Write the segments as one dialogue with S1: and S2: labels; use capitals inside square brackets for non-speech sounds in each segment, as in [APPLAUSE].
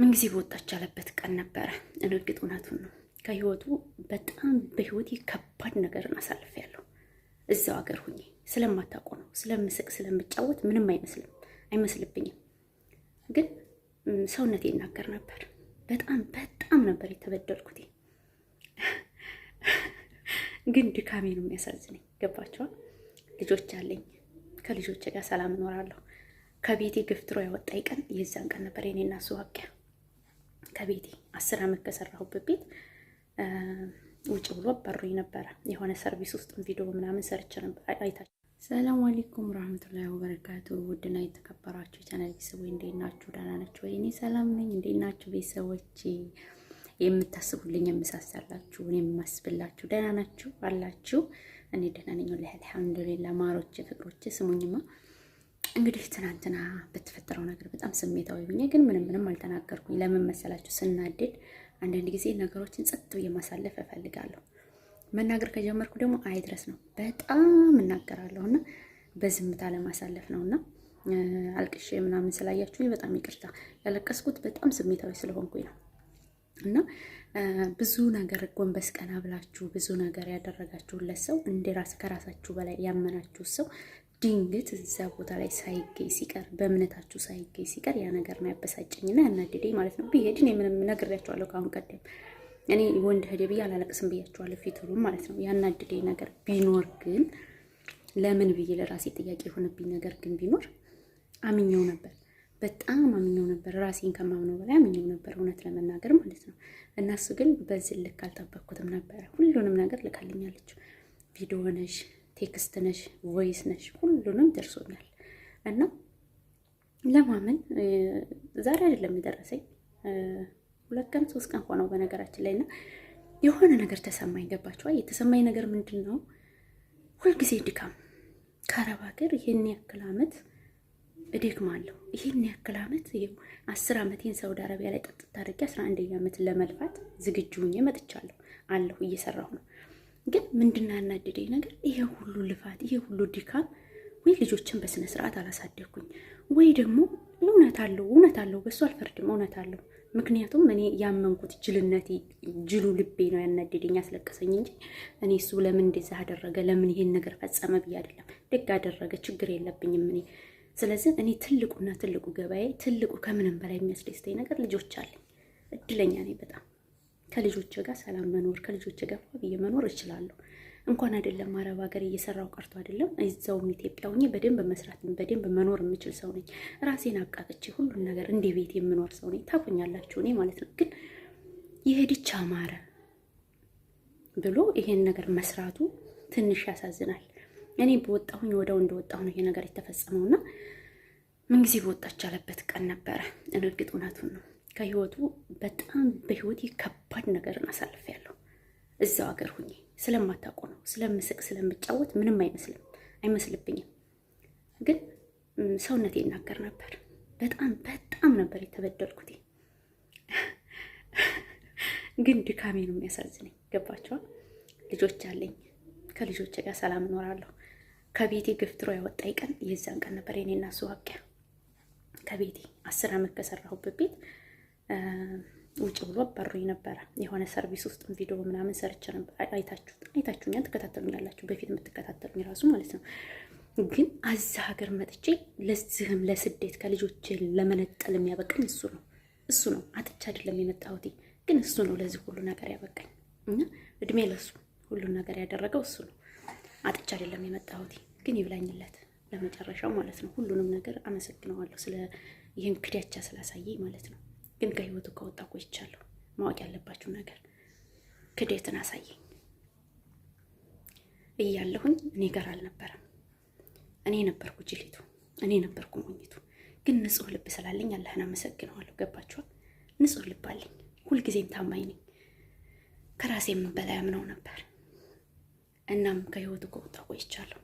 S1: ምንጊዜ በወጣች ያለበት ቀን ነበረ። እርግጥ እውነቱን ነው። ከህይወቱ በጣም በህይወቴ ከባድ ነገርን ያለው እዛው ሀገር ሁኜ ስለማታውቁ ነው። ስለምስቅ ስለምጫወት ምንም አይመስልም አይመስልብኝም። ግን ሰውነቴ ይናገር ነበር። በጣም በጣም ነበር የተበደልኩት። ግን ድካሜ ነው የሚያሳዝነኝ። ገባቸዋል። ልጆች አለኝ። ከልጆች ጋር ሰላም እኖራለሁ። ከቤቴ ገፍትሮ ያወጣኝ ቀን የዛን ቀን ነበር የኔና እሱ ዋቂያ ከቤቴ አስር ዓመት ከሰራሁበት ቤት ውጭ ብሎ አባሮኝ ነበረ። የሆነ ሰርቪስ ውስጥ ቪዲዮ ምናምን ሰርች ነበር አይታችሁ።
S2: ሰላም አለይኩም ረህመቱላሂ ወበረካቱ። ውድና የተከበራችሁ ቻናል ቤተሰቦች እንዴት ናችሁ? ደህና ናችሁ ወይ? እኔ ሰላም ነኝ። እንዴት ናችሁ ቤተሰቦች? የምታስቡልኝ የምሳሳላችሁ፣ እኔ የማስብላችሁ ደህና ናችሁ አላችሁ? እኔ ደህና ነኝ። ወላሂ አልሐምዱሊላህ። ማሮች ፍቅሮች ስሙኝማ እንግዲህ ትናንትና በተፈጠረው ነገር በጣም ስሜታዊ ሆኜ ግን ምንም ምንም አልተናገርኩኝ። ለምን መሰላችሁ? ስናደድ አንዳንድ ጊዜ ነገሮችን ጸጥ ብዬ ማሳለፍ እፈልጋለሁ። መናገር ከጀመርኩ ደግሞ አይድረስ ነው፣ በጣም እናገራለሁ እና በዝምታ ለማሳለፍ ነው እና አልቅሼ ምናምን ስላያችሁኝ በጣም ይቅርታ። ያለቀስኩት በጣም ስሜታዊ ስለሆንኩኝ ነው እና ብዙ ነገር ጎንበስ ቀና ብላችሁ ብዙ ነገር ያደረጋችሁለት ሰው እንደ ራስ ከራሳችሁ በላይ ያመናችሁ ሰው ድንገት እዛ ቦታ ላይ ሳይገኝ ሲቀር በእምነታችሁ ሳይገኝ ሲቀር ያ ነገር ነው ያበሳጨኝና ያናደደኝ ማለት ነው። ብሄድን የምንም ነግሬያቸዋለሁ። ከአሁን ቀደም እኔ ወንድ ሄደ ብዬ አላለቅስም ብያቸዋለሁ። ፊቱሩም ማለት ነው ያናደደኝ ነገር ቢኖር ግን ለምን ብዬ ለራሴ ጥያቄ የሆነብኝ ነገር ግን ቢኖር አምኜው ነበር፣ በጣም አምኜው ነበር። ራሴን ከማምነው በላይ አምኜው ነበር እውነት ለመናገር ማለት ነው። እናሱ ግን በዚህ ልክ አልጠበኩትም ነበረ። ሁሉንም ነገር ልካልኛለች ቪዲዮ ነሽ ቴክስት ነሽ፣ ቮይስ ነሽ፣ ሁሉንም ደርሶኛል እና ለማመን ዛሬ አይደለም የደረሰኝ ሁለት ቀን ሶስት ቀን ሆነው በነገራችን ላይ እና የሆነ ነገር ተሰማኝ። ገባችኋል? የተሰማኝ ነገር ምንድን ነው? ሁልጊዜ ድካም ከአረብ ሀገር ይህን ያክል አመት እደክማለሁ። ይህን ያክል አመት አስር አመቴን ሳውዲ አረቢያ ላይ ጠጥታ አድርጌ አስራ አንደኛ ዓመት ለመልፋት ዝግጁ ሆኜ መጥቻለሁ አለሁ እየሰራሁ ነው። ግን ምንድን ያናደደኝ ነገር ይሄ ሁሉ ልፋት፣ ይሄ ሁሉ ድካም ወይ ልጆችን በስነ ስርዓት አላሳደግኩኝ ወይ ደግሞ እውነት አለው እውነት አለው፣ በሱ አልፈርድም፣ እውነት አለው። ምክንያቱም እኔ ያመንኩት ጅልነቴ ጅሉ ልቤ ነው ያናደደኝ ያስለቀሰኝ እንጂ እኔ እሱ ለምን እንደዛ አደረገ ለምን ይሄን ነገር ፈጸመ ብዬ አይደለም። ደግ አደረገ ችግር የለብኝም እኔ። ስለዚህ እኔ ትልቁና ትልቁ ገበያዬ ትልቁ ከምንም በላይ የሚያስደስተኝ ነገር ልጆች አለኝ። እድለኛ ነኝ በጣም ከልጆች ጋር ሰላም መኖር ከልጆች ጋር ብዬ መኖር እችላለሁ። እንኳን አይደለም አረብ ሀገር እየሰራው ቀርቶ አይደለም እዛውም ኢትዮጵያ ሆኜ በደንብ መስራት በደንብ መኖር የምችል ሰው ነኝ። ራሴን አቃጥቼ ሁሉን ነገር እንደ ቤት የምኖር ሰው ነኝ። ታቆኛላችሁ እኔ ማለት ነው። ግን የሄድች አማረ ብሎ ይሄን ነገር መስራቱ ትንሽ ያሳዝናል። እኔ በወጣሁኝ ወደው እንደወጣሁ ነው ይሄ ነገር የተፈጸመውና ምንጊዜ በወጣች ያለበት ቀን ነበረ። እርግጥ እውነቱን ነው። ከህይወቱ በጣም በህይወቴ ከባድ ነገርን ያለው እዛው ሀገር ሁኜ ስለማታውቁ ነው። ስለምስቅ ስለምጫወት ምንም አይመስልም አይመስልብኝም። ግን ሰውነቴ ይናገር ነበር። በጣም በጣም ነበር የተበደልኩት። ግን ድካሜ ነው የሚያሳዝነኝ። ገባቸዋል። ልጆች አለኝ። ከልጆች ጋር ሰላም እኖራለሁ። ከቤቴ ገፍትሮ ያወጣኝ ቀን የዛን ቀን ነበር የኔና እሱ ዋቂያ ከቤቴ አስር ዓመት ከሰራሁበት ቤት ውጭ ብሎ አባሩኝ ነበረ። የሆነ ሰርቪስ ውስጥ ቪዲዮ ምናምን ሰርቼ ነበር። አይታችሁ አይታችሁኛል፣ ትከታተሉኛላችሁ። በፊት የምትከታተሉኝ ራሱ ማለት ነው። ግን አዛ ሀገር መጥቼ ለዚህም ለስደት ከልጆች ለመነጠል የሚያበቃኝ እሱ ነው እሱ ነው። አጥቻ አይደለም የመጣሁት፣ ግን እሱ ነው ለዚህ ሁሉ ነገር ያበቃኝ እና እድሜ ለሱ ሁሉን ነገር ያደረገው እሱ ነው። አጥቻ አይደለም የመጣሁት፣ ግን ይብላኝለት ለመጨረሻው ማለት ነው። ሁሉንም ነገር አመሰግነዋለሁ ስለ ይህን ክዳቻ ስላሳየኝ ማለት ነው። ግን ከህይወቱ ከወጣ ቆይቻለሁ። ማወቅ ያለባችሁ ነገር ክደትን አሳየኝ እያለሁኝ እኔ ጋር አልነበረም። እኔ ነበርኩ ጅሊቱ፣ እኔ ነበርኩ ሞኝቱ። ግን ንጹህ ልብ ስላለኝ አላህን አመሰግነዋለሁ። ገባችኋል? ንጹህ ልብ አለኝ። ሁልጊዜም ታማኝ ነኝ። ከራሴም በላይ አምነው ነበር። እናም ከህይወቱ ከወጣ ቆይቻለሁ።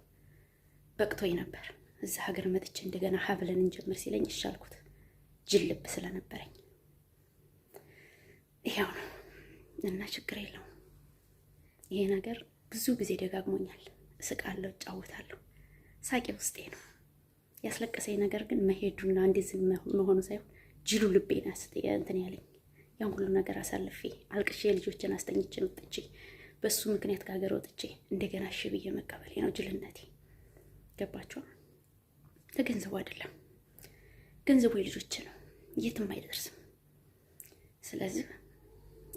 S2: በቅቶኝ ነበር። እዛ ሀገር መጥቼ እንደገና ሀብለን እንጀምር ሲለኝ ይሻልኩት ጅል ልብ ስለነበረኝ ይሄው ነው እና ችግር የለውም። ይሄ ነገር ብዙ ጊዜ ደጋግሞኛል። እስቃለሁ፣ እጫወታለሁ፣ ሳቄ ውስጤ ነው። ያስለቀሰኝ ነገር ግን መሄዱና እንደዚህ መሆኑ ሳይሆን ጅሉ ልቤን እንትን ያለኝ ያን ሁሉ ነገር አሳልፌ አልቅሼ ልጆችን አስተኝቼ መጥቼ በሱ ምክንያት ከሀገር ወጥቼ እንደገና እሺ ብዬ መቀበሌ ነው ጅልነቴ። ገባችሁ? ለገንዘቡ አይደለም፣ ገንዘቡ የልጆች ነው፣ የትም አይደርስም። ስለዚህ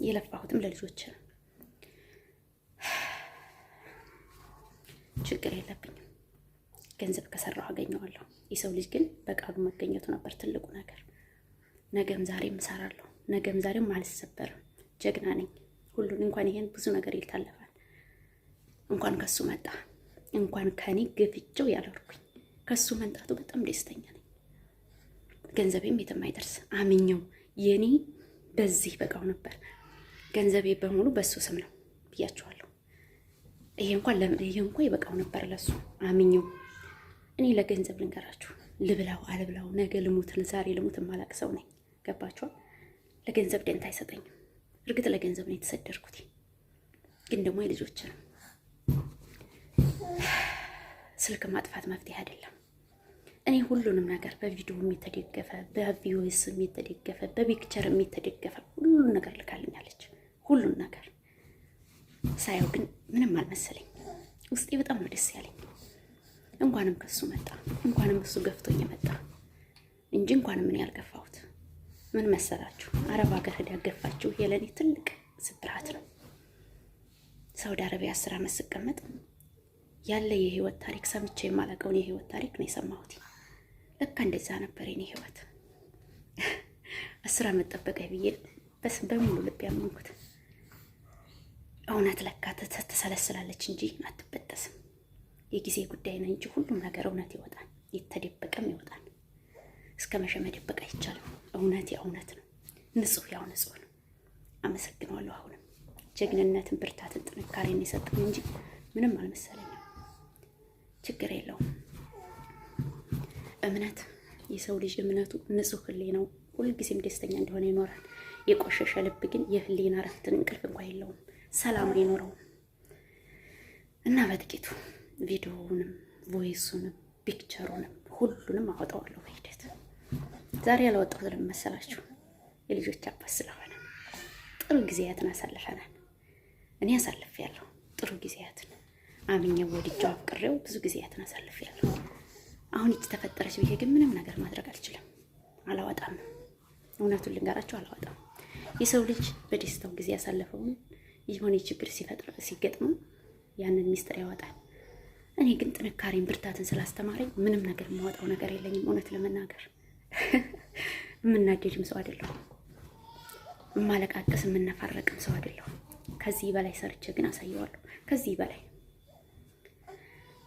S2: የለፋሁትም ለልጆች ነው። ችግር የለብኝም። ገንዘብ ከሰራሁ አገኘዋለሁ። የሰው ልጅ ግን በቃሉ መገኘቱ ነበር ትልቁ ነገር። ነገም ዛሬም እሰራለሁ፣ ነገም ዛሬም አልሰበርም። ጀግና ነኝ። ሁሉን እንኳን ይሄን ብዙ ነገር ይታለፋል። እንኳን ከሱ መጣ፣ እንኳን ከኔ ገፍቼው ያለርኩኝ ከሱ መንጣቱ በጣም ደስተኛ ነኝ። ገንዘቤም የትም አይደርስ አምኘው የኔ በዚህ በቃው ነበር። ገንዘቤ በሙሉ በሱ ስም ነው ብያቸዋለሁ። ይሄ እንኳን ይሄ እንኳ ይበቃው ነበር ለሱ አምኜው። እኔ ለገንዘብ ልንገራችሁ ልብላው አልብላው ነገ ልሙትን ዛሬ ልሙት ማላቅ ሰው ነኝ። ገባችኋል? ለገንዘብ ደንታ አይሰጠኝም። እርግጥ ለገንዘብ ነው የተሰደርኩት፣ ግን ደግሞ የልጆች ነው። ስልክ ማጥፋት መፍትሄ አይደለም። እኔ ሁሉንም ነገር በቪዲዮ የተደገፈ በቪዮስ የተደገፈ በፒክቸር የተደገፈ ሁሉን ነገር ልካልኛለች። ሁሉን ነገር ሳየው ግን ምንም አልመሰለኝ። ውስጤ በጣም ነው ደስ ያለኝ። እንኳንም ከሱ መጣ፣ እንኳንም እሱ ገፍቶኝ መጣ እንጂ እንኳንም ምን ያልገፋሁት። ምን መሰላችሁ? አረብ ሀገር ሄዳ ያገፋችሁ የለኔ ትልቅ ስብራት ነው። ሳውዲ አረቢያ አስር ዓመት ስቀመጥ ያለ የህይወት ታሪክ ሰምቼ የማላውቀውን የህይወት ታሪክ ነው የሰማሁት። ለካ እንደዛ ነበር የኔ ህይወት። አስር ዓመት ጠበቀኝ ብዬ በሙሉ ልብ ያመንኩት እውነት ለካ ትሰለስላለች እንጂ አትበጠስም። የጊዜ ጉዳይ ነው እንጂ ሁሉም ነገር እውነት ይወጣል፣ የተደበቀም ይወጣል። እስከ መሸ መደበቅ አይቻልም። እውነት የእውነት ነው፣ ንጹህ ያው ንጹህ ነው። አመሰግነዋለሁ። አሁንም ጀግንነትን፣ ብርታትን፣ ጥንካሬን የሰጠኝ እንጂ ምንም አልመሰለኝም። ችግር የለውም። እምነት የሰው ልጅ እምነቱ ንጹህ ነው ሁልጊዜም ደስተኛ እንደሆነ ይኖራል። የቆሸሸ ልብ ግን የህሊና እረፍትን እንቅልፍ እንኳ የለውም። ሰላም ሊኖረው እና በጥቂቱ ቪዲዮውንም ቮይሱንም ፒክቸሩንም ሁሉንም አወጣዋለሁ በሂደት። ዛሬ ያላወጣሁት ለምን መሰላችሁ? የልጆች አባት ስለሆነ ጥሩ ጊዜያትን አሳልፈናል። እኔ አሳልፌያለሁ ጥሩ ጊዜያትን አምኜው ወድጃው አፍቅሬው ብዙ ጊዜያትን አሳልፌያለሁ። አሁን እጅ ተፈጠረች ብዬ ግን ምንም ነገር ማድረግ አልችልም። አላወጣም። እውነቱን ልንገራችሁ፣ አላወጣም። የሰው ልጅ በደስታው ጊዜ ያሳለፈውን የሆነ ችግር ሲፈጥር ሲገጥመው ያንን ሚስጥር ያወጣል። እኔ ግን ጥንካሬን ብርታትን ስላስተማረኝ ምንም ነገር የማወጣው ነገር የለኝም። እውነት ለመናገር [LAUGHS] የምናደድም ሰው አይደለሁም። የማለቃቀስ የምነፋረቅም ሰው አይደለሁም። ከዚህ በላይ ሰርቼ ግን አሳየዋለሁ። ከዚህ በላይ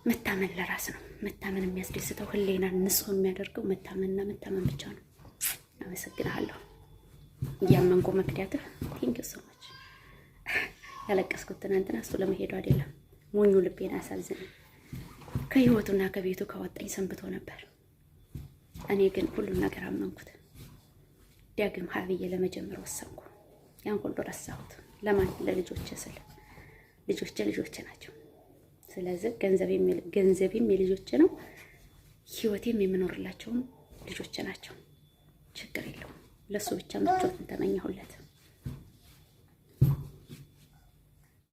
S2: መታመን ለራስ ነው። መታመን የሚያስደስተው ህሌናን ንጹሕ የሚያደርገው መታመንና መታመን ብቻ ነው። አመሰግናለሁ። እያመንኩ መክዳትህ ቴንኪው ያለቀስኩት ትናንትና እሱ ለመሄዱ አይደለም፣ ሞኙ ልቤን አሳዝን ከህይወቱና ከቤቱ ካወጣኝ ሰንብቶ ነበር። እኔ ግን ሁሉም ነገር አመንኩት። ዳግም ሀብዬ ለመጀመር ወሰንኩ። ያን ሁሉ ረሳሁት። ለማን? ለልጆች ስል ልጆች ልጆች ናቸው። ስለዚህ ገንዘቤም የልጆች ነው፣ ህይወቴም የምኖርላቸውም ልጆች ናቸው። ችግር የለውም። ለእሱ ብቻ ምቾትን ተመኘሁለት።